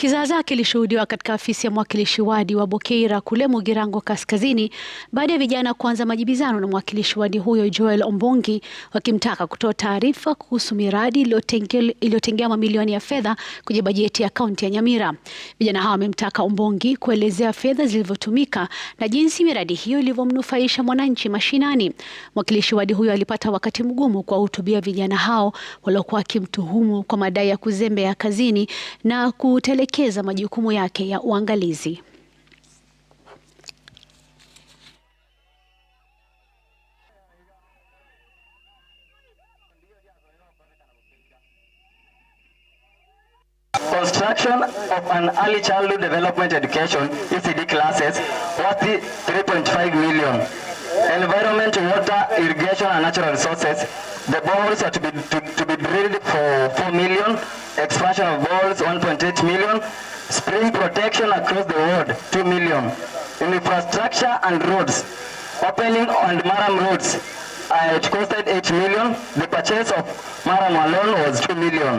Kizaazaa kilishuhudiwa katika afisi ya mwakilishi wadi wa Bokeira kule Mugirango Kaskazini baada ya vijana kuanza majibizano na mwakilishi wadi huyo Joel Ombongi wakimtaka kutoa taarifa kuhusu miradi iliyotengea mamilioni ya fedha kwenye bajeti ya kaunti ya Nyamira. Vijana hao wamemtaka Ombongi kuelezea fedha zilivyotumika na jinsi miradi hiyo ilivyomnufaisha mwananchi mashinani. Mwakilishi wadi huyo alipata wakati mgumu kuwahutubia vijana hao waliokuwa wakimtuhumu kwa madai ya kuzembea kazini na kutele kutekeleza majukumu yake ya uangalizi. Construction of an early childhood development education ECD classes worth 3.5 million. Environment, water, irrigation and natural resources. The boreholes are to be, to, to be drilled for 4 million expansion of walls 1.8 million, spring protection across the world 2 million, infrastructure and roads, opening on Maram roads, uh, it costed 8 million, the purchase of Maram alone was 2 million.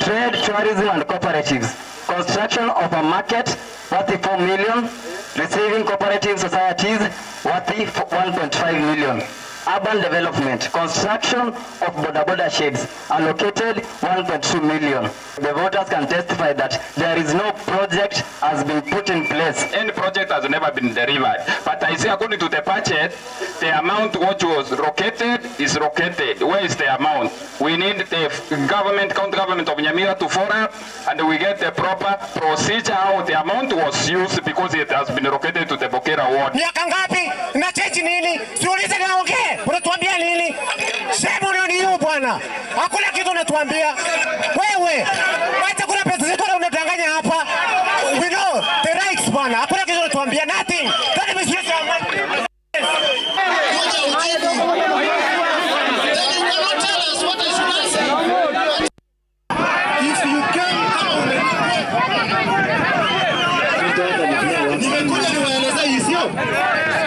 trade, tourism and cooperatives, construction of a market 34 million, receiving cooperative societies worth 1.5 million. urban development, construction of bodaboda sheds allocated 1.2 million. The voters can testify that there is no project has been put in place. Any project has never been delivered. But I say according to the budget, the amount which was located is located. Where is the amount? We need the government, county government of Nyamira to follow up and we get the proper procedure how the amount was used because it has been located to the Bokera ward. Miaka ngapi? sana. hakuna kitu unatuambia wewe, hata kuna pesa zetu unadanganya hapa. We know the rights bwana, hakuna kitu unatuambia nothing.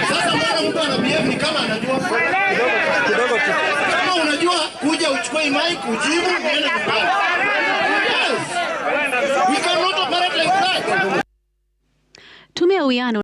Sasa mbona mtu anabehave ni kidogo kidogo my mic, ujibu, niende nyumbani. Yes. We cannot operate like that. Tume ya uwiano